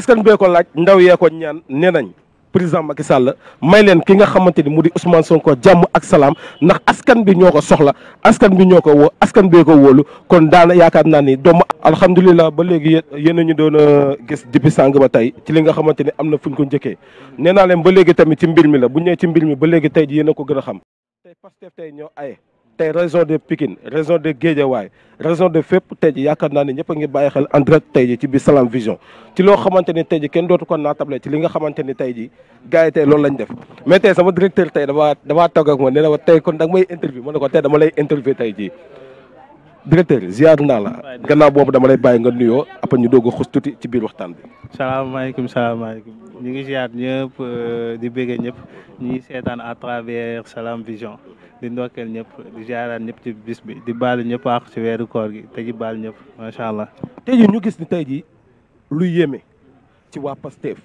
askan bee ko laaj ndaw yee ko ñaan nee nañ président Macky Sall may leen ki nga xamante ni mu di Ousmane Sonko jàmm ak salaam ndax askan bi ñoo ko soxla askan bi ñoo ko woo askan bee ko wóolu kon daana yaakaar naa ni doomu alhamdulilah ba léegi yéen a ñu doon euh, gis depuis sàng ba tey ci li nga xamante ni am na fuñ ko njëkkee nee naa leen ba léegi tamit ci mbir mi la bu ñëwee ci mbir mi ba léegi tey ji yéen a ko gën a xam tey tey région de Pikine région de Guédiawaye région de fépp tey ji yaakaar naa ne ñëpp a bàyyi xel en direct tey ji ci biir Salam Vision ci loo xamante ni tey ji kenn dootu ko naatable ci li nga xamante ni tey ji gars yi tey loolu lañ def mais tey sama directeur tey damaa damaa togg ak ma ne la tey kon da nga may interview ma ne ko tey dama lay interview tey ji directeur ziar naa la gannaaw boobu dama lay bàyyi nga nuyoo après ñu doog a xus tuuti ci biir waxtaan bi. salaamaaleykum salaamaaleykum ñu ngi ziar ñëpp euh, di bëggee ñëpp ñu ngi seetaan à travers Salam di ndokkeel ñëpp di ñëpp ci bis bi di baalu ñëpp ak ci weeru koor gi te ji baal ñëpp macha allah. tey ñu gis ni tey jii lu yéeme ci waa Pastef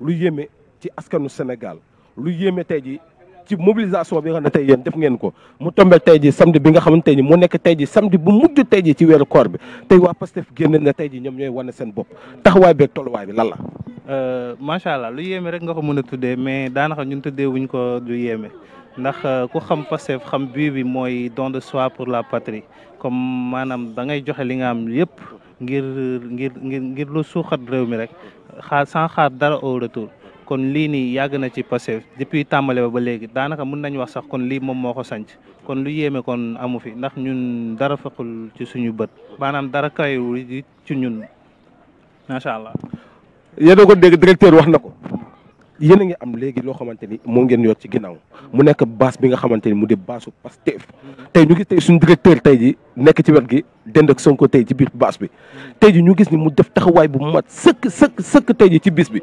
lu yéeme ci askanu Sénégal lu yéeme tey jii ci mobilisation bi nga xam ne tey yéen def ngeen ko mu tombé tey ji samedi bi nga xamante ni mu nekk tey ji samedi bu mujj tey ji ci weer koor bi tey waa Pastef génn na tey ji ñoom ñooy wane seen bopp taxawaay beeg tolluwaay bi lan la. Euh, macha allah lu yéeme rek nga ko mën a tuddee mais daanaka ñun tuddee wuñ ko du yéeme ndax euh, ku xam Pastef xam bii bi mooy don de soi pour la patrie comme maanaam da ngay joxe li nga am yëpp ngir ngir ngir ngir lu suuxat réew mi rek xaar sans xaar dara au retour. kon lii nii yàgg na ci Pastef depuis tàmbale ba ba léegi daanaka mun nañu wax sax kon lii moom moo ko sanc kon lu yéeme kon amu fi ndax ñun dara fekkul ci suñu bët maanaam dara kayul ci ñun macha allah. yéen ko dégg directeur wax na ko. yéen a ngi am léegi loo xamante ni moom ngeen yor ci ginnaaw mu nekk baas bi nga xamante ni mu di baasu Pastef te ñu gis tey suñu directeur tey ji nekk ci wet gi dend ak Sonko tey ci biir baas bi tey ji ñu gis ni mu def tax waay bu mat sëkk sëkk sëkk tey ji ci bis bi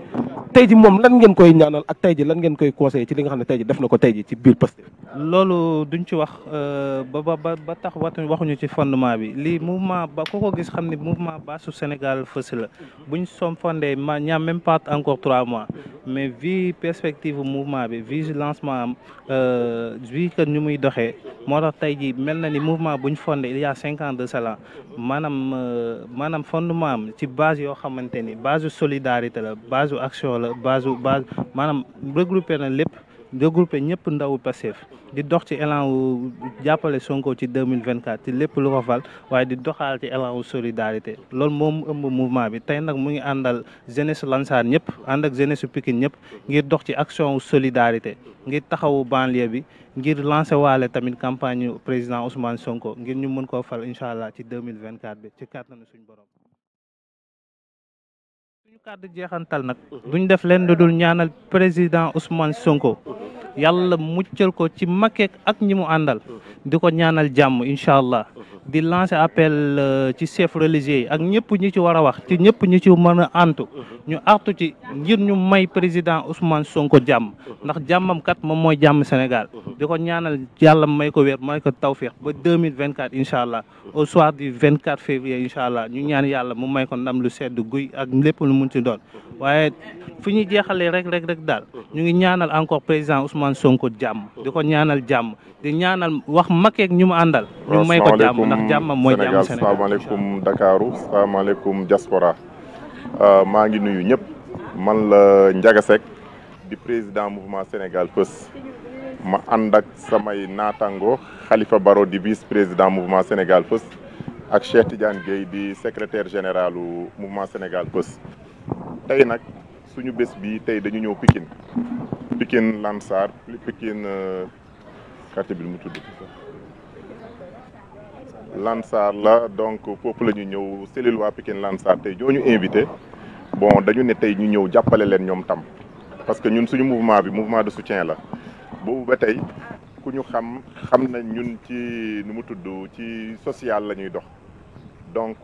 tey ji moom lan ngeen koy ñaanal ak tey ji lan ngeen koy conseil ci li nga xam ne tey ji def na ko tey ji ci biir Pastef loolu duñ ci wax euh, ba ba ba tax watu waxuñu ci fondement bi lii mouvement ba ko ko gis xam ne mouvement baasu Sénégal fës la buñ som fondé ma ñaa même pas encore trois mois mais vu perspective mouvement bi vu lancement am euh, vu ñu muy doxe moo tax tey ji mel na ni mouvement buñ fondé il y a francs maanaam euh, maanaam fondement am ci base yoo xamante ni base solidarité la base action la base base maanaam regroupé na lépp regroupé ñëpp ndawu Pastef di dox ci élan wu jàppale Sonko ci 2024 ci lépp lu ko fal waaye di doxaal ci élan wu solidarité loolu moom ëmb mouvement bi tey nag mu ngi àndal jeunesse Lansar ñëpp ànd ak jeunesse Pikine ñëpp ngir dox ci action wu solidarité ngir taxawu banlieue bi ngir lancé waale tamit campagne président Ousmane Sonko ngir ñu mën koo fal incha allah ci 2024 bi ci kàttanu suñu borom. suñu kàddu jeexantal nag duñ def leen lu dul ñaanal président Ousmane Sonko yàlla muccal ko ci Macky ak ñi mu àndal di ko ñaanal jàmm incha allah di lancer appel euh, ci chef religieux ak ñëpp ñi ci war a wax ci ñëpp ñi ci mën a antu ñu artu ci ngir ñu may président Ousmane Sonko jàmm ndax jàmmam kat moom mooy jàmm Sénégal di ko ñaanal yàlla may ko wér may ko tawféex ba deux mille vingt quatre incha allah au soir du vingt quatre février incha allah ñu ñaan yàlla mu may ko ndam lu sedd guy ak lépp lu mu ci doon waaye fi ñu jeexalee Ousmane Sonko jàmm di ko ñaanal jàmm di ñaanal wax makeeg ñu ma àndal ñu may ko jàmm ndax jàmmam mooy jàmm Sénégal salaamaaleykum Dakaru salaamaaleykum diaspora euh, maa ngi nuyu ñëpp man la Ndiaga Seck di président mouvement Sénégal Fës ma ànd ak samay naatango xalifa Baro di vice président mouvement Sénégal Fës ak Cheikh Tidiane Gueye di secrétaire général mouvement Sénégal Fës tey suñu bés bi tey dañu ñëw Pikine Pikine Lansar Pikine euh, quartier bi mu tudd Lansar la donc foofu la ñu ñëw cellule waa Pikine Lansar tey ñoo ñu invité bon dañu ne tey ñu ñëw jàppale leen ñoom tam parce que ñun suñu mouvement bi mouvement de soutien la boobu ba tey ku ñu xam xam na ñun ci nu mu tudd ci sociale la ñuy dox donc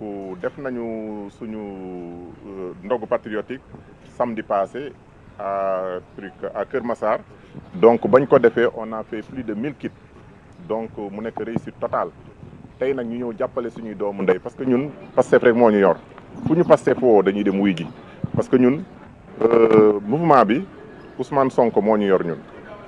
def nañu suñu euh, ndogu patriotique samedi passé à truc à Kër Massar donc bañ ko defee on a fait plus de mille kits donc mu nekk réussite totale tey nag ñu ñëw jàppale suñuy doomu ndey parce que ñun Pastef rek moo ñu yor fu ñu Pastef woo dañuy dem wuy gi parce que ñun euh, mouvement bi Ousmane Sonko moo ñu yor ñun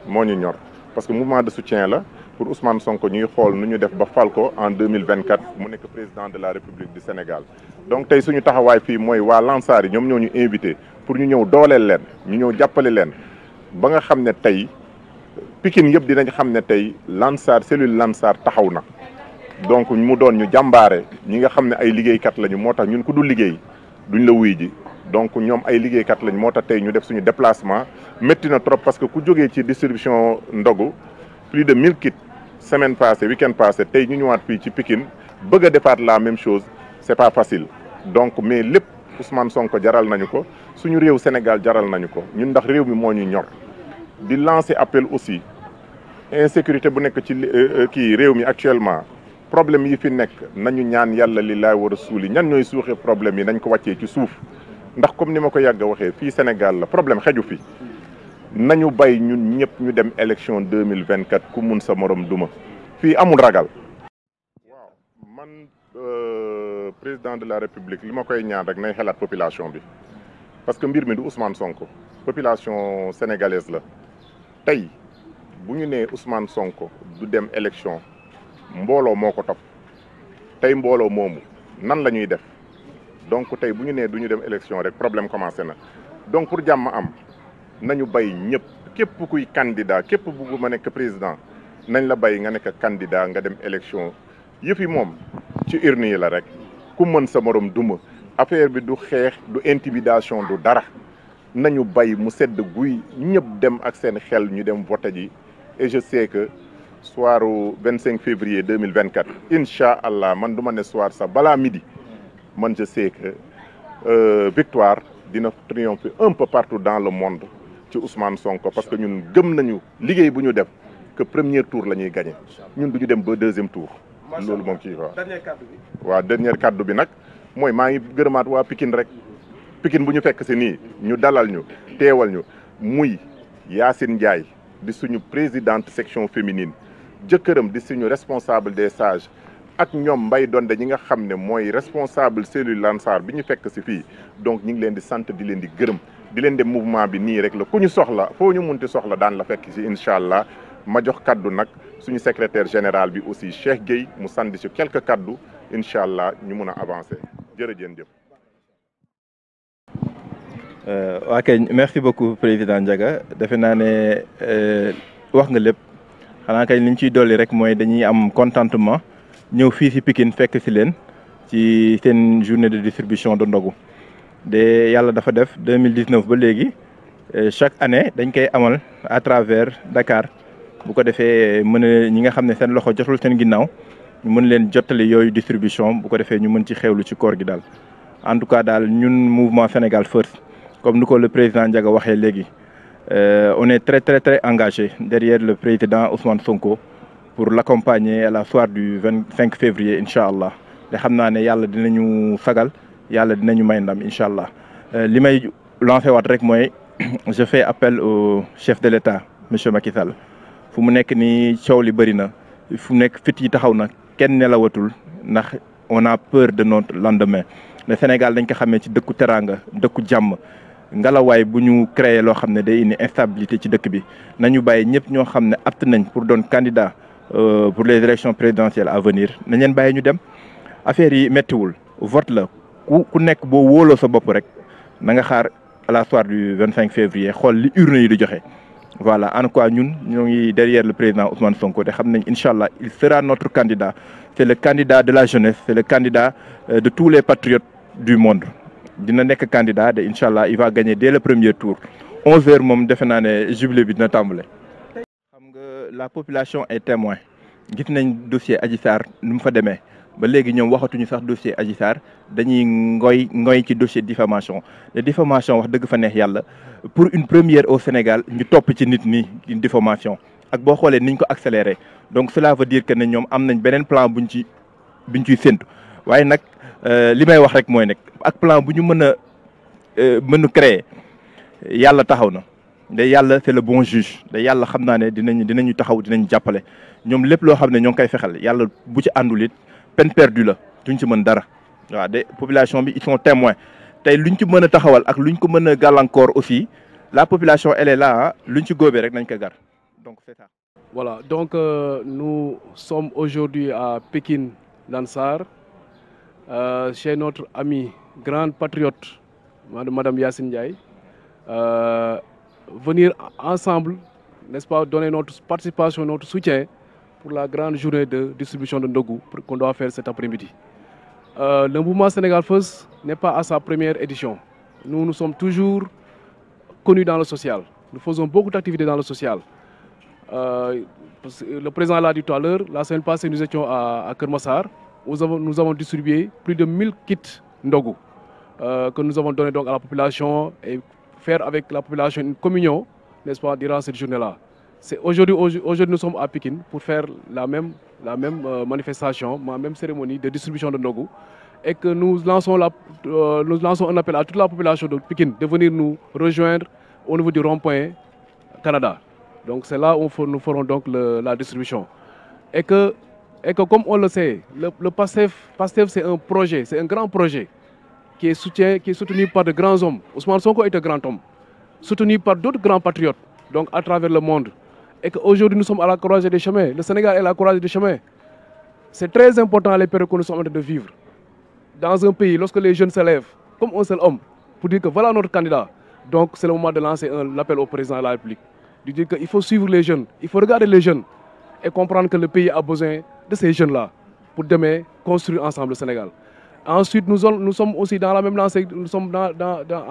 moo ñu ñor parce que mouvement de soutien la pour Ousmane Sonko ñuy xool nu ñu def ba fal ko en 2024 mu nekk président de la République du Sénégal donc tey suñu taxawaay fii mooy waa Lansar yi ñoom ñoo ñu invité pour ñu ñëw dooleel leen ñu ñëw jàppale leen ba nga xam ne tey Pikine yëpp dinañ xam ne tey Lansar cellule Lansar taxaw na donc mu doon ñu jàmbaare ñi nga xam ne ay liggéeykat lañu moo tax ñun ku dul liggéey duñ la wuy ji donc ñoom ay liggéeykat lañ moo tax tey ñu def suñu déplacement métti na trop parce que ku jógee ci distribution ndogu plus de 1000 kits semaine passée week-end passé tey ñu waat fii ci Pikine bëgg a defaat la même chose c'est pas facile donc mais lépp Ousmane Sonko jaral nañu ko suñu réew Sénégal jaral nañu ko ñun ndax réew mi moo ñu ñor di lancer appel aussi insécurité bu nekk ci euh, euh, kii réew mi actuellement problème yi fi nekk nañu ñaan yàlla li laay war a suuli ñan ñooy suuxee problème yi nañ ko wàccee ci suuf ndax comme ni ma ko yàgg waxee fii Sénégal la problème xeju fi nañu bay ñun ñëpp ñu dem élection deux mille vingt quatre ku mun sa morom duma fii amul ragal. waaw man euh, président de la république li ma koy ñaan rek nay xelaat population bi parce que mbir mi du Ousmane Sonko population sénégalaise la tey bu ñu nee Ousmane Sonko du dem élection mbooloo moo ko topp tey mbooloo moomu nan la ñuy def donc tey bu ñu nee du ñu dem élection rek problème commencé na donc pour jàmm am. nañu bay ñëpp képp kuy candidat képp bugg ma nekk président nañ la bay nga nekk candidat nga dem élection yëf yi moom ci urne la rek ku mën sa morom duma affaire bi du xeex du intimidation du dara nañu bay mu sedd guy ñëpp dem ak seen xel ñu dem vote ji et je sais que soiru 25 février 2024 incha allah man du ma ne soir sax balaa midi man je sais euh, victoire dina triompher un peu partout dans le monde ci Ousmane Sonko parce que ñun gëm nañu liggéey bu ñu def que premier tour la ñuy gagné ñun du ñu dem ba deuxième tour. loolu moom ci waaw. dernier kaddu bi. waaw dernier kaddu bi nag mooy maa ngi gërëmaat waa Pikine rek Pikine bu ñu fekk si nii ñu dalal ñu teewal ñu muy Yacine Ndiaye di suñu présidente section féminine jëkkëram di suñu responsable des sages. ak ñoom mbay donde ñi nga xam ne mooy responsable cellule Lansar bi ñu fekk ci fii donc ñu ngi leen di sant di leen di gërëm di leen de mouvement bi nii rek la ku ñu soxla foo ñu munti soxla daan la fekk si incha allah ma jox kaddu nag suñu secretaire général bi aussi Cheikh Gueye mu sandi si quelque kaddu incha allah ñu mun a avancer jërëjëen jëf waa euh, kay merci beaucoup président jaga defe naa ne euh, wax nga lépp xanaa kay li ñu ciy dolli rek mooy dañuy am contentement ñëw fii si Pikine fekk si leen ci seen journée de distribution de ndogu de yàlla dafa def 2019 ba léegi euh, chaque année dañ koy amal à travers Dakar bu ko defee mën a ñi nga xam ne seen loxo jotul seen ginnaaw ñu mën leen jottali yooyu distribution bu ko defee ñu mën ci xewlu ci koor gi daal en tout cas daal ñun mouvement Sénégal First comme ni ko le président Ndiaga waxee léegi euh, on est très très très engagé derrière le président Ousmane Sonko pour l'accompagner à la soirée du 25 février incha allah te xam naa ne yàlla dinañu sagal yàlla dinañu may ndam incha allah euh, li may lancé waat rek mooy je fais appel au chef de l'État monsieur Macky fu mu nekk nii coow li bëri na fu mu nekk fit yi taxaw na kenn nelawatul ndax on a peur de notre lendemain mais Sénégal dañ ko xamee ci dëkku teraanga dëkku jàmm ngalawaay bu ñu créé loo xam ne day indi instabilité ci dëkk bi nañu bàyyi ñëpp ñoo xam ne apte nañ pour doon candidat euh, pour les élections présidentielles à venir nañ leen bàyyi ñu dem affaire yi méttiwul vote la ku ku nekk boo woolo sa bopp rek na nga xaar à la soir du cinq février xool li urne yi di joxe. voilà en quoi ñun ñoo ngi derrière le président Ousmane Sonko te xam nañ incha allah il sera notre candidat c' le candidat de la jeunesse c' le candidat euh, de tous les patriotes du monde dina nekk candidat de incha allah il va gagner dès le premier tour 11h moom defe naa ne jubilé bi dina tàmbale. xam nga la population est témoin gis nañ dossier Adji Sarr nu mu fa demee. ba léegi ñoom waxatuñu sax dossier Adji Sarr dañuy ngoy ngoy ci dossier diffamation te diffamation wax dëgg fa neex yàlla pour une première au Sénégal ñu topp ci nit nii une diffamation ak boo xoolee niñ ko accéléré donc cela veut dire que ne ñoom am nañ beneen plan buñ ci buñ ciy séntu waaye nag euh, li may wax rek mooy nekk ak plan bu ñu mën a euh, mën a créer yàlla taxaw na da yàlla c'est le bon juge de yàlla xam naa ne dinañ dinañu taxaw dinañ jàppale ñoom lépp loo xam ne ñoo ngi koy fexal yàlla bu ci àndul peine perdue la duñ ci mën dara waaw de population bi ils sont témoins lu luñ ci mën a taxawal ak luñ ko mën a gàllankoor aussi la population elle la là ah, luñ ci góobee rek nañ ko gar donc c'est ça. Voilà, donc euh, nous sommes aujourd'hui à Pékin, Lansar, euh, chez notre amie grande patriote, Madame Yassine Ndiaye, euh, venir ensemble, n'est-ce pas, donner notre participation, notre soutien pour la grande journée de distribution de Ndogu qu'on doit faire cet après-midi. Euh, le mouvement Sénégal First n'est pas à sa première édition. Nous, nous sommes toujours connus dans le social. Nous faisons beaucoup d'activités dans le social. Euh, le président l'a dit tout à l'heure, la semaine passée, nous étions à, à Kermassar. Nous avons, nous avons distribué plus de mille kits Ndogu euh, que nous avons donné donc à la population et faire avec la population une communion, n'est-ce pas, durant cette journée-là. C'est aujourd'hui, aujourd'hui, nous sommes à Pékin pour faire la même, la même euh, manifestation, la même cérémonie de distribution de Nogu. Et que nous lançons, la, euh, nous lançons un appel à toute la population de Pékin de venir nous rejoindre au niveau du rond-point Canada. Donc c'est là où nous ferons donc la distribution. Et que, et que comme on le sait, le, le PASTEF, PASTEF c'est un projet, c'est un grand projet qui est, soutien, qui est soutenu par de grands hommes. Ousmane Sonko est un grand homme, soutenu par d'autres donc à travers le monde. et qu'aujourd'hui nous sommes à la croisée des chemins. Le Sénégal est à la croisée C'est très important les périodes que nous sommes en de vivre. Dans un pays, lorsque les jeunes s'élèvent, comme un seul homme, pour dire que voilà notre candidat, donc c'est moment de lancer un appel au président de la République. De dire qu'il faut suivre les jeunes, il faut regarder les jeunes et comprendre que le pays a besoin de ces jeunes-là pour demain construire Sénégal. Ensuite, nous, nous sommes aussi dans la même lancée, nous sommes dans, dans,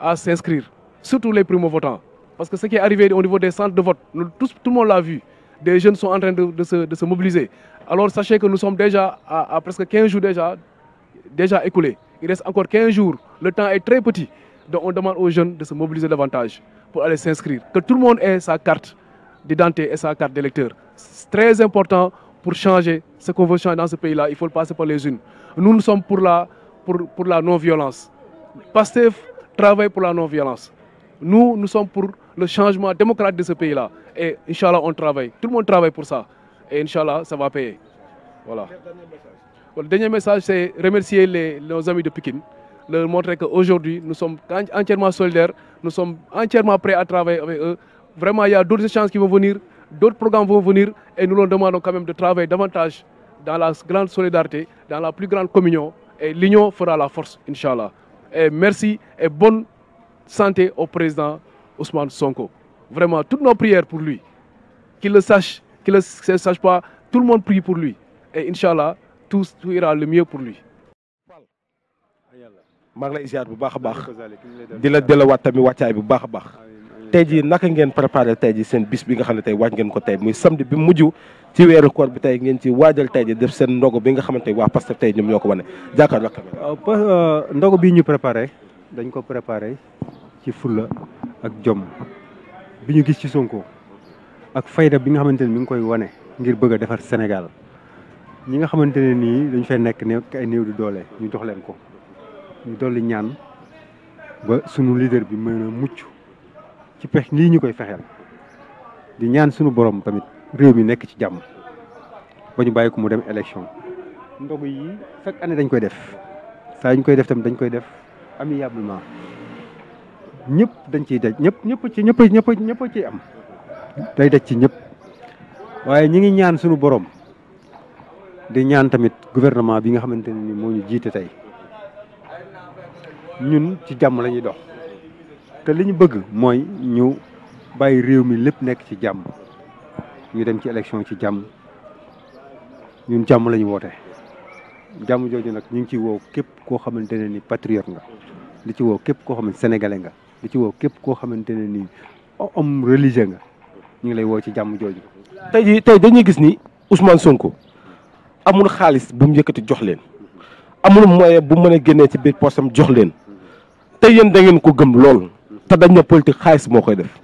à s'inscrire, surtout les primo Parce que ce qui est arrivé au niveau des centres de vote, nous, tous, tout le monde l'a vu. Des jeunes sont en de, se, mobiliser. Alors sachez que nous sommes déjà à, presque 15 jours déjà, déjà écoulés. Il reste encore 15 jours. Le temps est très petit. Donc on demande aux jeunes de se mobiliser davantage pour aller s'inscrire. Que tout le monde ait sa carte d'identité et sa carte d'électeur. C'est très important pour changer ce qu'on veut changer dans par les unes. Nous, nous sommes pour la, pour, pour la la non-violence. Nous, nous sommes le changement démocratique de ce pays-là. Et Inch'Allah, on travaille. Tout le monde travaille pour ça. Et Inch'Allah, ça va payer. Le dernier message, c'est remercier les, nos amis de Pékin, leur montrer qu'aujourd'hui, nous sommes entièrement solidaires, nous sommes entièrement prêts à travailler avec eux. Vraiment, il y a d'autres échanges qui vont venir, d'autres programmes vont venir, et nous leur demandons quand même de travailler davantage dans la grande solidarité, dans la plus grande communion, et l'union fera merci et bonne Ousmane Sonko. Vraiment, toutes nos prières pour lui. kilo le sache, qu'il ne le sache pas, tout le monde prie pour lui. Et Inch'Allah, tout, tout ira le mieux pour lui. maa ngi lay ziar bu baax a baax di la delluwaat tamit wàccaay bu baax a baax tey jii naka ngeen préparé tey jii seen bis bi nga xam ne tey waaj ngeen ko tey muy samedi bi mujj ci weeru koor bi tey ngeen ci waajal tey jii def seen ndogo bi nga xamante waa Pastef tey ñoom ñoo ko wane jàkkaarloo. waaw euh, euh, ndogo bi ñu préparé dañ ko préparé ci fulla ak jom bi ñu gis ci Sonko ak fayda bi nga xamante ne mi ngi koy wane ngir bëgg a defar Sénégal ñi nga xamante ne nii dañu fee nekk nekk ay néew di doole ñu jox leen ko ñu dolli ñaan ba sunu leader bi mën a mucc ci pex lii ñu koy fexeel di ñaan sunu borom tamit réew mi nekk ci jàmm ba ñu bàyyi ko mu dem élection ndog yi chaque année dañ koy def saa ñu koy def tamit dañ koy def amicablement ñëpp dañ ciy daj ñëpp ñëpp ci ñëpp ñëpp ñëpp ciy am day dej ci ñëpp waaye ñi ngi ñaan sunu borom di ñaan tamit gouvernement bi nga xamante ne moo ñu jiite tey ñun ci jàmm lañuy dox te li ñu bëgg mooy ñu bàyyi réew mi lépp nekk ci jàmm ñu dem ci élection ci jàmm ñun jàmm la ñu woote jàmm jooju nag ñu ngi ci woo képp koo xamante ne ni patriote nga li ci woo képp koo xam ne sénégalais nga di ci woo képp koo xamante ne nii homme religieux nga ñu ngi lay woo ci jàmm jooju. tey jii tey dañuy gis ni Ousmane Sonko amul xaalis bu mu yëkkati jox leen amul moyen bu mën a génnee ci biir poosam jox leen te yéen da ngeen ko gëm lool te dañ ne politique xaalis moo koy def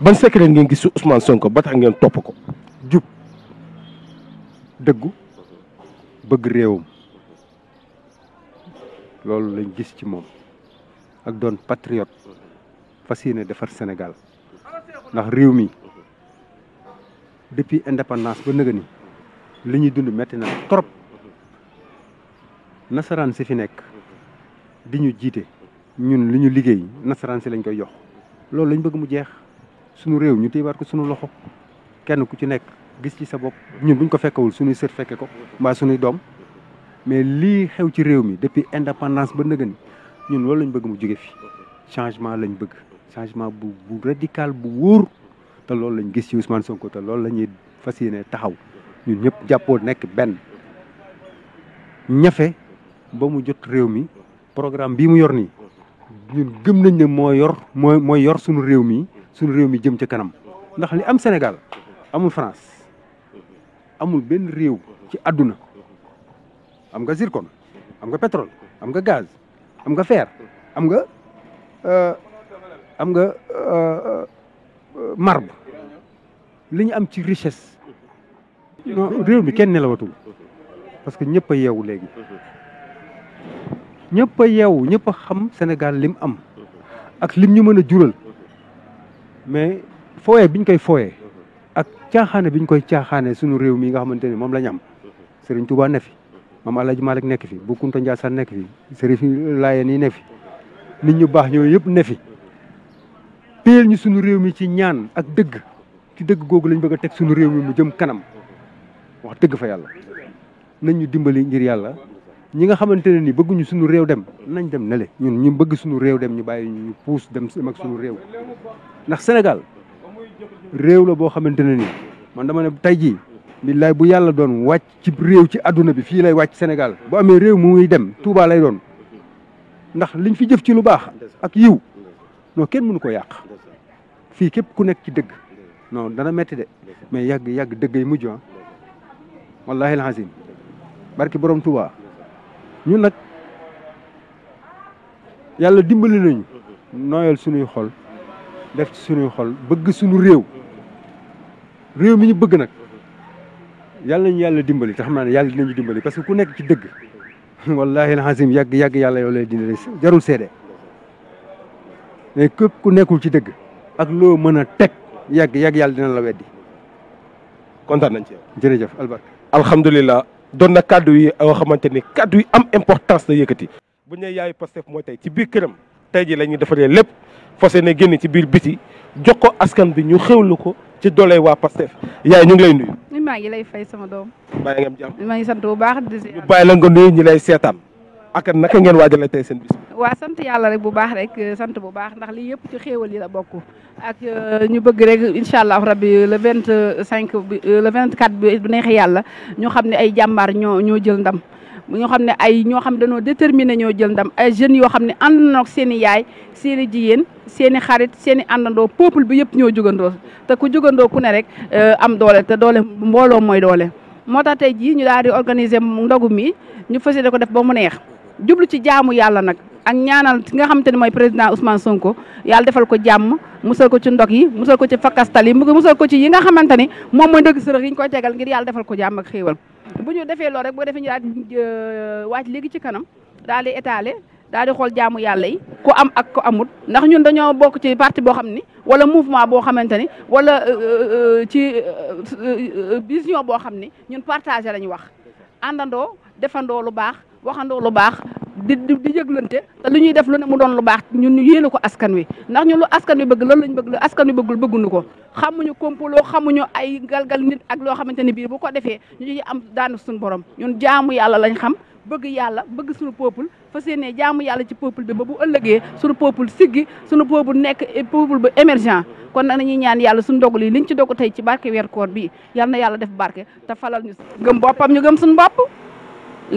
ban secret ngeen gis si Ousmane Sonko ba tax ngeen topp ko. jub dëggu bëgg réewum loolu lañ gis ci moom ak doon patriote. fas yéene defar Sénégal ndax réew mi depuis indépendance ba nëgë ni li ñuy dund metti na trop nasaraan si fi nekk di ñu jiite ñun li ñu liggéey nasaraan si lañ koy jox loolu lañ bëgg mu jeex sunu réew ñu téebaat ko sunu loxo kenn ku ci nekk gis ci sa bopp ñun buñ ko fekkewul suñuy sët fekke ko mbaa suñuy doom mais lii xew ci réew mi depuis indépendance ba nëgën ñun loolu lañ bëgg mu jóge fi changement lañ bëgg changement bu bu radical bu wóor te loolu lañ gis ci Ousmane Sonko te loolu la ñuy fas yéene taxaw ñun ñëpp jàppoo nekk benn ñafe ba mu jot réew mi programme bii mu yor nii ñun gëm nañ ne moo yor mooy suñu réew mi suñu réew mi jëm ci kanam ndax li am Sénégal amul France amul benn réew ci àdduna am nga zircon am nga pétrole am nga gaz am nga fer am nga euh, am nga euh, euh, marbre li ñu am ci richesse non réew mi kenn nelawatul parce que ñëpp a yeewu léegi ñëpp a yeewu ñëpp a xam Sénégal lim am ak lim ñu mën a jural mais fooyee biñ koy fooye ak caaxaane biñ koy caaxaane suñu réew mi nga xamante ne moom la ñu am Serigne Touba ne fi maam El Hadj nekk fi Bou Kounta Ndiassane nekk fi Serigne Laye nii ne fi nit ñu baax ñooyu yëpp ne téyel ñu suñu réew mi ci ñaan ak dëgg ci dëgg googu lañ bëgg teg suñu réew mi mu jëm kanam wax dëgg fa yàlla nañ ñu dimbali ngir yàlla ñi nga xamante ne ni bëgguñu suñu réew dem nañ dem nele ñun ñu bëgg suñu réew dem ñu bàyyi ñu puus dem ak sunu réew ndax Sénégal réew la boo xamante ne ni man dama ne tey jii billaay bu yàlla doon wàcc ci réew ci àdduna bi fii lay wàcc senegal bu amee réew mu muy dem Touba lay doon ndax liñ fi jëf ci lu baax ak yiw non kenn mënu ko yàq fii képp ku nekk ci dëgg non dana metti de mais yàgg yàgg dëgg yi mujj ah wallahi alazim barki borom Touba ñun nag yàlla dimbali nañu nooyal suñuy xol def ci suñuy xol bëgg sunu réew réew mi ñu bëgg nag yàlla nañu yàlla dimbali te xam naa ne yàlla dinañu dimbali parce que ku nekk ci dëgg wallahi alazim yàgg yàgg yàlla yow lay dina jarul seede mais képp ku nekkul ci dëgg ak loo mën a teg yàgg yàgg yàlla dina la weddi. kontaan nañ ci yow. jërëjëf albarka. alhamdulilah doon na kàddu yi yoo xamante ni kàddu yi am importance la yëkkati. bu ñu nee yaayu Pastef mooy tey ci biir këram tey ji la ñuy defaree lépp fas ne génn ci biir biti jox ko askan bi ñu xewlu ko ci doole waa Pastef yaay ñu ngi lay nuyu. maa ngi lay fay sama doom. bàyyi nga am jàmm. maa ngi sant bu baax di. ñu bàyyi la nga nuyu ñi lay seetaan. ak naka ngeen waajale tey seen bis waaw sant yàlla rek bu baax rek sant bu baax ndax lii yëpp ci xéewal yi la bokk ak euh, ñu bëgg rek incha allah rabbi le vingt cinq bi euh, le vingt quatre bi bu neex yàlla ñu xam ne ay jàmbaar ñoo ñoo jël ndam ñoo xam ne ay ñoo xam dañoo déterminé ñoo jël ndam ay jeunes yoo xam ne ànd na seen i yaay seeni i jigéen seen xarit seen i àndandoo peuple bi yëpp ñoo jugandoo te ku jugandoo ku ne rek euh, am doole te doole mbooloo mooy doole moo tax tey jii ñu daal di organiser ndogu mi ñu fas yéene ko def ba mu neex jublu ci jaamu yàlla nag ak ñaanal ki nga xamante ne mooy président Ousmane Sonko yàlla defal ko jàmm musal ko ci ndog yi musal ko ci fakkastal yi musal ko ci yi nga xamante ni moom mooy ndog sërëx yi koy tegal ngir yàlla defal ko jàmm ak xéewal bu ñu defee loolu rek boo defee ñu euh, léegi ci kanam daal di étaler daal di xool jaamu yàlla yi ku am ak ku ndax ñun dañoo bokk ci parti boo xam ni wala mouvement boo xamante ni wala euh, euh, ci vision boo xam ni ñun partagé la ñu wax àndandoo defandoo lu baax. waxandoo lu baax di di yëglante te lu ñuy def lu ne mu doon lu baax ñun ñu yéene ko askan wi ndax ñun lu askan wi bëgg loolu lañ bëgg lu askan wi bëggul bëgguñu ko xamuñu kompaloo xamuñu ay galgal nit ak loo xamante ne bii bu ko defee ñu am daanu suñu borom ñun jaamu yàlla lañ xam bëgg yàlla bëgg suñu peuple fas yéene jaamu yàlla ci peuple bi ba bu ëllëgee suñu peuple siggi suñu peuple nekk eh, peuple bu émergent kon nag nañuy ñaan yàlla suñu dogal yi liñ ci dogu tey ci barke weer koor bii yal na yàlla def barke te falal ñu gëm boppam ñu gëm suñu bopp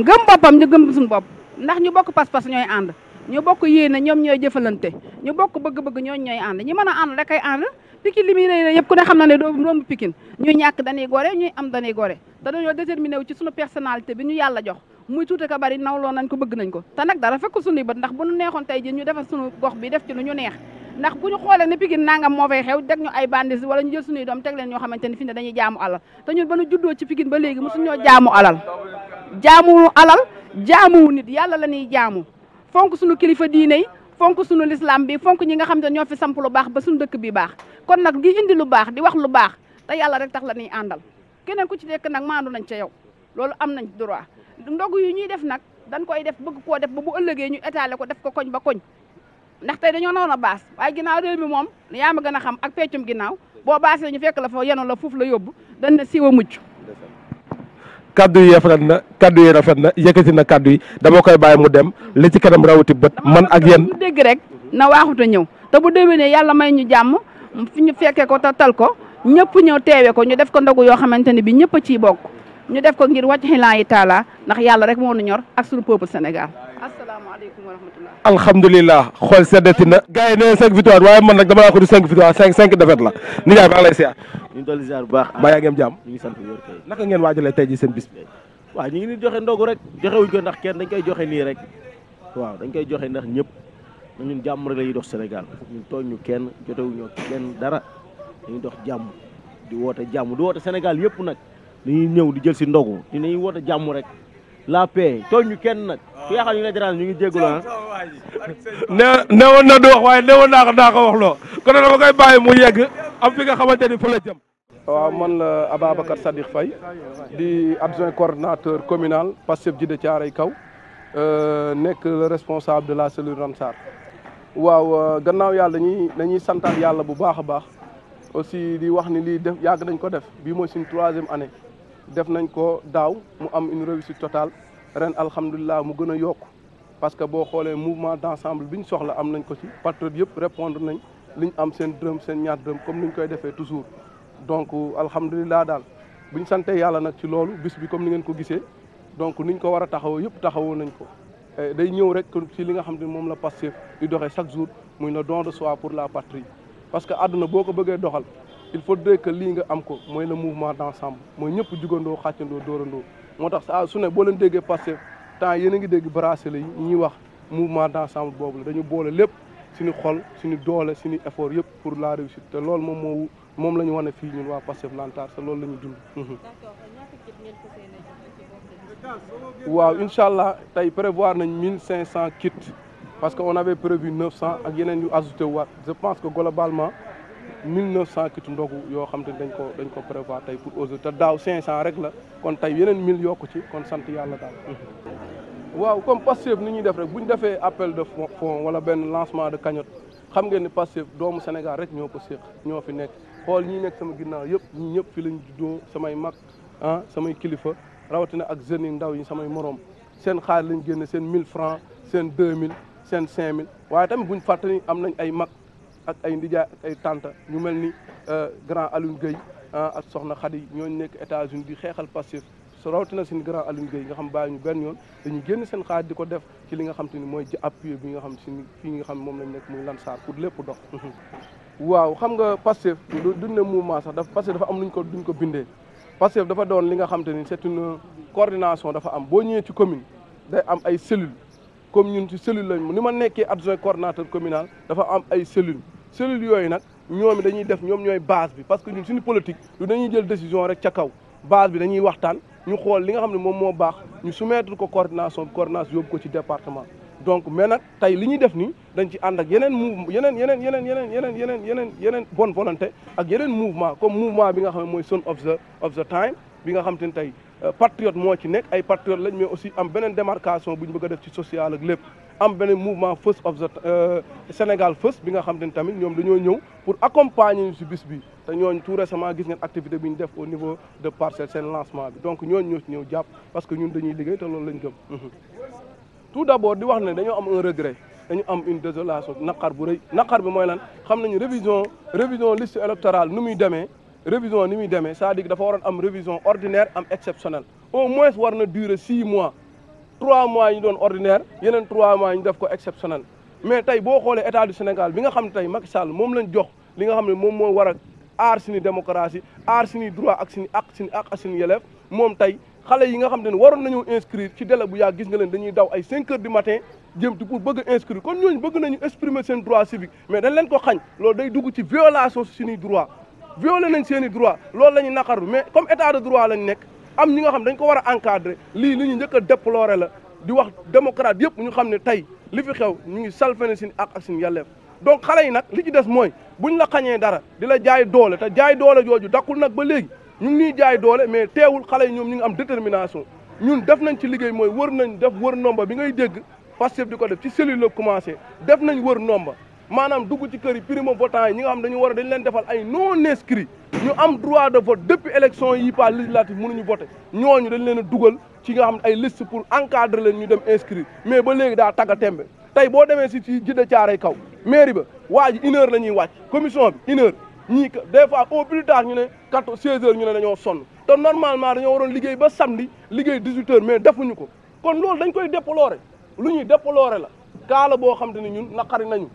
gëm boppam ñu gëm suñu bopp ndax ñu bokk pas-pas ñooy ànd ñu bokk yéene ñoom ñooy jëfalante ñu bokk bëgg-bëgg ñooñ ñooy ànd ñi mën a ànd rek ay ànd Pikine li muy rëy ku ne xam na ne doo romb Pikine ñu ñàkk dañuy gore ñuy am dañuy gore te dañoo déterminé wu ci suñu personnalité bi ñu yàlla jox muy tuute ka bari nawloo nañ ko bëgg nañ ko te nag dara fekk suñuy bët ndax bu ñu neexoon tey ji ñu defar suñu gox bi def ci lu ñu neex ndax bu ñu xoolee ne Pikine nangam moo fay xew teg ñu ay bandis wala ñu jël suñuy doom teg xamante ni fi ne dañuy jaamu alal te ñun ba ñu juddoo ci Pikine jaamu alal jaamuwu alal jaamuwu nit yàlla la ñuy jaamu fonk suñu kilifa diine yi fonk suñu lislaam bi fonk ñi nga xam te ñoo fi samp lu baax ba suñu dëkk bi baax kon nag di indi lu baax di wax lu baax te yàlla rek tax la ñuy àndal keneen ku ci nekk nag maandu nañ ca yow loolu am nañ droit ndogu yu ñuy def nag dañ koy def bëgg koo def ba bu ëllëgee ñu étaler ko def ko koñ ba koñ ndax tey dañoo naroon a baas waaye ginnaaw réew mi moom yaa ma gën a xam ak peccum ginnaaw boo baasee ñu fekk la fa yenu la foofu la yóbbu dañ na siiw a mucc kaddu yi rafet na kàddu yi rafet na yëkkati na kaddu yi dama koy bàyyi mu dem li ci kanam rawati bët man ak yen bu dégg rek na waaxuta ñëw te bu déwénee yàlla may ñu jàmm fi ñu fekkee ko tatal ko ñëpp ñëw teewe ko ñu def ko ndogu yoo xamante ne bi ñëpp a ciy bokk ñu def ko ngir wàcc xilaa yi taala ndax yàlla rek moo nu ñor ak suñu peuple Sénégal asalaamaaleykum wa rahmatulah. alhamdulilah xool seddati na. gars yi nee cinq victoire waaye man nag dama ko du cinq victoire cinq cinq défaite la nijaay ba lay siyaar. ñu ngi dolli ziar bu baax. mbaa yaa ngeen jàmm ñu kay. naka ngeen waajalee tey ji seen bis bi. waaw ñu ngi ni joxe ndogu rek joxe ko ndax kenn dañ koy joxe nii rek waaw dañ koy joxe ndax ñëpp ñun jàmm rek la ñuy dox Sénégal ñun dox jàmm di woote jàmm di woote Sénégal yëpp nag dañuy ñëw di jël si ndogu dinañ woote jàmm rek la paix tooñ kenn nag ku yàqal ñu ngi lay dérange ñu ngi woon na du wax waaye nee woon naa ko naa ko wax loo kon dama koy bàyyi mu yegg am fi nga xamante ni fa la jëm. waaw man la Ababacar Sadikh Faye di adjoint coordinateur communal Pastef Djiddah Thiaroye Kaw euh, nekk le responsable de la cellule Ramsar. waaw euh, gannaaw yàlla dañuy dañuy santaat yàlla bu baax a baax aussi di wax ni lii def yàgg nañ ko def bii mooy suñu troisième année def nañ ko daaw mu am une réussite totale. ren alhamdulilah mu gën a yokk parce que boo xoolee mouvement d' ensemble bi ñu soxla am nañ ko ci patriote yëpp répondre nañ li ñu am seen dërëm seen ñaar dërëm comme ni ñu koy defee toujours donc alhamdulilah daal bu ñu sante yàlla nag ci loolu bis bi comme ni ngeen ko gisee donc ni ko war a taxawoo yëpp taxawoo nañ ko eh, day ñëw rek ci li nga xam ne moom la Pastef di doxee chaque jour muy le don de soi pour la patrie parce que àdduna boo ko bëggee doxal il faudrait que lii nga am ko mooy le mouvement d' ensemble mooy ñëpp jugandoo xàccandoo dóorandoo moo tax saa su ne boo leen déggee Pastef temps yéen a ngi dégg bracelet yi ñuy wax mouvement d'ensemble boobu la dañu boole lépp suñu xol suñu doole suñu effort yëpp pour la réussite te lool moom moo moom la ñu wane fii ñun waa Pastef Lantar te loolu la ñu dund. Mhm. waaw incha allah tey prévoir nañ 1500 kits parce que on avait prévu 900 ak yeneen yu ajouté waat je pense que globalement. mille neuf cent kitu ndogu yoo xam te dañ ko dañ ko prévoir tey pour aujourd'hui te daaw cinq cent rek la kon tey yeneen mille yokku ci kon sant yàlla daal mhm. waaw comme Pastef ni ñuy def rek bu ñu defee appel de fonds wala benn lancement de cagnotte xam ngeen ni Pastef doomu Sénégal rek ñoo ko séq ñoo fi nekk xool ñi nekk sama ginnaaw yëpp ñi ñëpp fi lañ juddoo samay mag ah samay kilifa rawatina ak jeunes yi ndaw yi samay moroom seen xaar lañ génn seen mille francs seen deux mille seen cinq mille waaye tamit am nañ ay mag ak ay ndijaay ak ay tante ñu mel ni euh, grand Alioune Gueye ah, ak soxna Khady ñooñu nekk États-Unis di xeexal Pastef rawatina seen grand Alioune Gueye nga xam baa ñu benn yoon dañuy génn seen xaa di ko def ci li nga xam te ni mooy ci appui bi nga xam si nga xam moom lañ nekk muy Lansar pour lépp dox. waaw xam nga Pastef duñ ne mouvement sax dafa Pastef dafa am luñ ko duñ ko bindee Pastef dafa doon li nga xam te ni c'est une coordination dafa am boo ñëwee ci commune day am ay cellules. comme ñun ci cellule lañ ni ma nekkee adjoint coordonnateur communal dafa am ay cellule cellule yooyu nag ñoom dañuy def ñoom ñooy base bi parce que ñun suñu politique du dañuy jël décision rek ca kaw base bi dañuy waxtaan ñu xool li nga xam ne moom moo baax ñu soumettre ko coordination coordination yóbbu ko ci département donc mais nag tey li ñuy def nii dañ ci ànd ak yeneen mou yeneen yeneen yeneen yeneen yeneen yeneen yeneen yeneen bonne ak yeneen mouvement comme mouvement bi nga xam ne mooy son of the of bi nga xam ne tey patriote moo ci nekk ay patriote lañ mais aussi am beneen démarcation bu ñu bëgg a def ci social ak lépp am beneen mouvement First of the euh, Sénégal First bi nga xam te ni tamit ñoom dañoo ñëw pour accompagne si bis bi te ñooñu tout récemment gis activité bi ñu def au niveau de parcelle seen lancement bi donc ñooñu ñoo ci ñëw jàpp parce que ñun dañuy liggéey te loolu lañ gëm tout d'abord di wax ne dañoo am un regret dañu am une désolation naqar bu rëy naqar bi mooy lan xam nañu révision révision liste électorale nu muy demee révision ni muy demee cest à dafa waroon am révision ordinaire am exceptionnelle au moins war na durer six mois trois mois yi ñu doon ordinaire yeneen trois mois yi ñu def ko exceptionnel mais tey boo xoolee état du Sénégal bi nga xam ne tey Macky Sall moom lañ jox li nga xam ne moom moo war a ar aar suñu démocratie aar suñu droit ak suñu ak suñu ak ak suñu yelleef moom tey xale yi nga xam ne waroon nañoo inscrire ci délai bu yàgg gis nga leen dañuy daw ay 5 heures du matin bëgg a inscrire bëgg nañu exprimer seen droit civique mais dañ leen ko xañ loolu day dugg ci violation suñuy droit violé nañ seen i loolu la ñu naqaru mais comme état de droit nekk am ñi xam dañ ko war a encadrer lii li ñu njëkk a la di wax démocrate yëpp ñu xam ne tey li fi xew ñu ngi salfane seen ak ak donc xale yi nag li ci des mooy buñ la xañee dara di la jaay doole te jaay doole jooju dakkul nag ba léegi ñu ngi ñuy jaay doole mais teewul xale yi ñoom ñu ngi am détermination ñun def nañ ci liggéey mooy wër nañ def wër nomba bi ngay dégg Pastef di ko def ci cellule la commencé def nañ wër nomba maanaam dugg ci kër yi primo votant yi ñi nga xam dañu war a dañu leen defal ay non inscrits ñu am droit de vote depuis élection yi pas législative mënuñu voter ñooñu dañ leen a dugal ci nga xam ay liste pour encadrer leen ñu dem inscrire mais ba léegi daa tagga tembe tey boo demee si si jidda caaray kaw mairie ba waa ji une heure la ñuy wàcc commission bi une ñii des fois au plus ñu ne quatorze seize heures ñu ne dañoo sonn te normalement dañoo waroon liggéey ba samedi liggéey dix huit heures mais ko kon loolu dañ koy déplorer lu ñuy déplorer la kaala boo xam ne ñun naqari nañu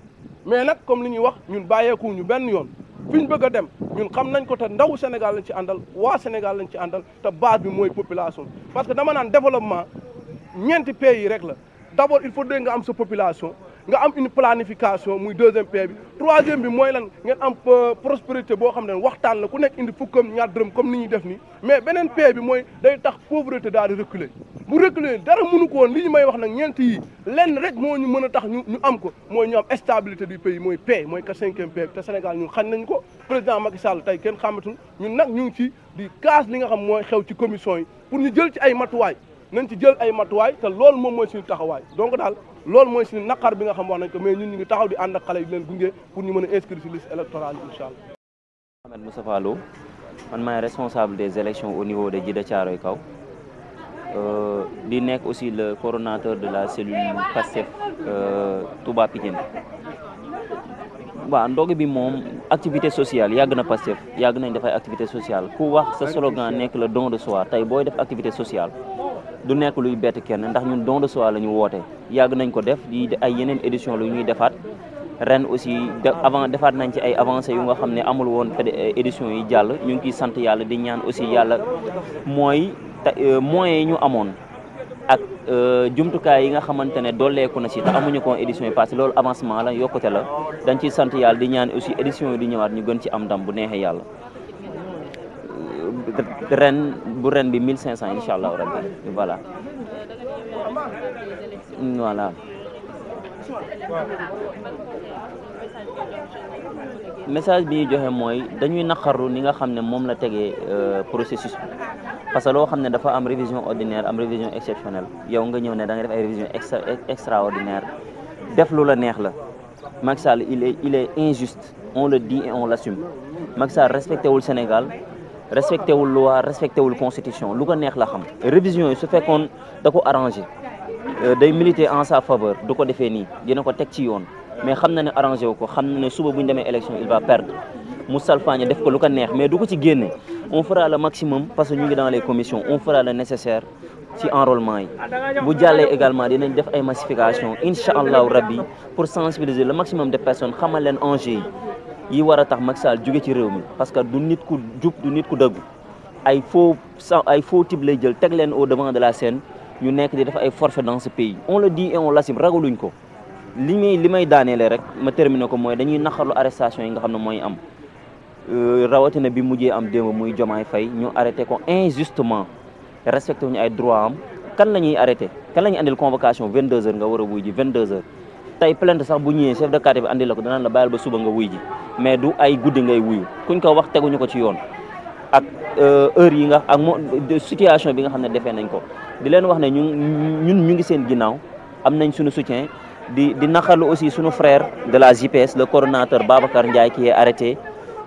mais nag comme li ñuy wax ñun bàyyeeku ñu benn yoon fi ñu bëgg dem ñun xam nañ ko te ndaw Sénégal lañ ci àndal waa Sénégal lañ ci àndal te baat bi mooy population bi parce que dama naan développement ñeenti pays yi rek la d'abord il faut dégg nga am sa population nga am une planification muy deuxième P bi bi mooy lan ngeen am euh, prospérité boo xam ne waxtaan la ku nekk indi fukkam ñaar dërëm comme ni ñuy def nii mais beneen P bi mooy day tax pauvreté daal di reculer bu reculer dara mënu ko woon li ñu may wax nag ñeenti yi lenn rek moo ñu mën a tax ñu ñu am ko mooy ñu am stabilité du pays mooy P mooy que cinquième P bi te Sénégal ñun xañ nañ ko président Macky Sall tey kenn xamatul ñun nag ñu ngi ci di kaas li nga xam mooy xew ci commission yi pour ñu jël ci ay matuwaay nañ ci ay matuwaay te loolu moom mooy taxawaay donc daal loolu mooy si naqar bi nga xam wax nañ ko mais ñun ñu ngi taxaw di ànd ak xale yi di leen gunge pour ñu mën a inscrire ci liste électorale yi incha allah. Ahmed man maay responsable des élections au niveau de Djida Thiaroye Kao euh, di nekk aussi le coordonnateur de la cellule PASTEF euh, Touba Pikine. waa ndog bi moom activité sociale yàgg na PASTEF yàgg nañ dafay activité sociale ku wax sa slogan nekk la don de soi tey booy def activité sociale. du nekk luy bett kenn ndax ñun don de soi la ñu woote yàgg nañ ko def di ay yeneen édition lu ñuy defaat ren aussi avant defaat nañ ci ay avancées yu nga xam ne amul woon eh, édition yi jàll ñu ngi ciy sant yàlla di ñaan aussi yàlla mooy eh, moyens yi ñu amoon ak eh, jumtukaay yi nga xamante ne dooleeku na si te amuñu ko édition yi parce que loolu avancement la yokkute la dañ ciy sant yàlla di ñaan aussi édition yi di ñëwaat ñu gën ci am ndam bu neexee yàlla ren bu ren bi 1500 incha allah rabbi voilà. voilà. message bi ñu joxe mooy dañuy naqarlu ni nga xam ne moom la tegee euh, processus parce que loo xam ne dafa am révision ordinaire am révision exceptionnelle yow nga ñëw ne da nga def ay révision extra extraordinaire def lu la neex la Macky Sall il est injuste on le dit et on l'assume Macky Sall respecté wul Sénégal. respecté wul loi respecté wul constitution lu ko neex la xam révision yi su fekkoon da ko arrangé euh, day militer en sa faveur du ko defee nii dina ko teg ci yoon mais xam na ne arrangé wu ko xam na ne suba bu ñu demee élection il va perdre mu salfaañe def ko lu ko neex mais du ko ci génne on fera le maximum parce que ñu ngi dans les commissions on fera le nécessaire ci enrôlement yi bu jàllee également dinañ def ay massification incha allahu rabbi pour sensibiliser le maximum de personnes xamal leen enjeu yi yi war a tax mag Sall jóge ci réew mi parce que du nit ku jub du nit ku dëggu ay faux ay foo type lay jël teg leen au devant de la scène ñu nekk di def ay forfait dans ce pays on le dit et on l'assume ragaluñ ko li may li may daaneele rek ma terminer ko mooy dañuy naqarlu arrestation yi nga xam ne mooy am euh, rawatina bi mujjee am démb muy Diomaye fay ñu arrêté ko injustement respecté wuñu ay droit am kan la ñuy kan la ñuy convocation 22h nga a wuy ji 22 tey plainte sax bu ñëwee chef de quartier bi andi la ko danaan la bàyyil ba suba nga wuy ji mais du ay guddi ngay wuy kuñ ko wax teguñu ko ci yoon ak euh, heure yi nga ak situation bi nga xam ne defee nañ ko di leen wax ne ñu ñun ñu ngi seen ginnaaw am nañ suñu soutien di di naqarlu aussi sunu frère de la JPS le coordonnateur Babacar Ndiaye qui est arrêté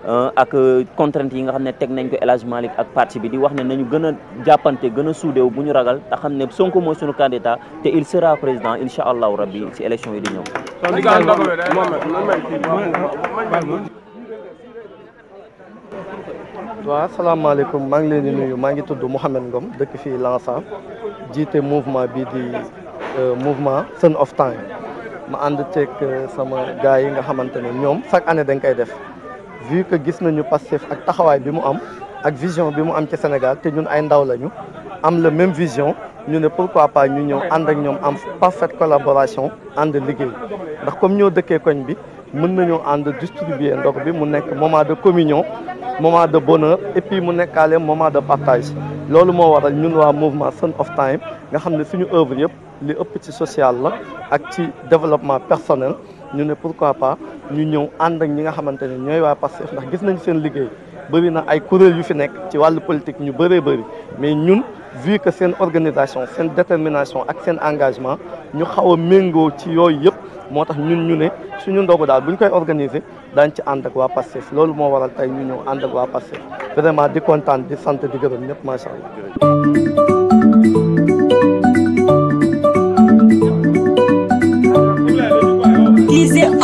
Euh, ak euh, contraintes yi nga xam ne teg nañ ko El ak partie bi di wax ne nañu gën a jàppante gën suude bu ñu ragal te xam ne Sonko mooy sunu candidat te il sera président incha allahu rabbi si élection yi di ñëw. waaw asalaamaaleykum maa ngi leen di nuyu maa ngi tudd Mouhamed Ngom dëkk fii Lansar jiite mouvement bii di euh, mouvement Sun of Time ma ànd ceeg sama gars yi nga xamante ne ñoom chaque année dañ koy def. vu que gis nañu Pastef ak taxawaay bi mu am ak vision bi mu am ci Sénégal te ñun ay ndaw lañu am la même vision ñu ne pourquoi pas ñu ñëw ànd ak ñoom am parfaite collaboration ànd liggéey ndax comme ñoo dëkkee koñ bi mën nañoo ànd distribuer ndox bi mu nekk moment de communion moment de bonheur et puis mu nekkaale moment de partage loolu moo waral ñun waa mouvement Sun of Time nga xam ne suñu œuvre yëpp li ëpp ci social la ak ci développement personnel ñu ne pourquoi pas ñu ñëw ànd ak ñi nga xamante ne ñooy waa Pastef ndax gis nañ seen liggéey bëri na ay kuréel yu fi nekk ci wàllu politique ñu bëree bëri mais ñun vu que seen organisation seen détermination ak seen engagement ñu xaw a méngoo ci yooyu yëpp moo tax ñun ñu ne suñu ndogu daal bu ñu koy organiser daañ ci ànd ak waa Pastef loolu moo waral tey ñu ñëw ànd ak waa Pastef vraiment di kontaan di sant di gërëm ñëpp macha allah. dizer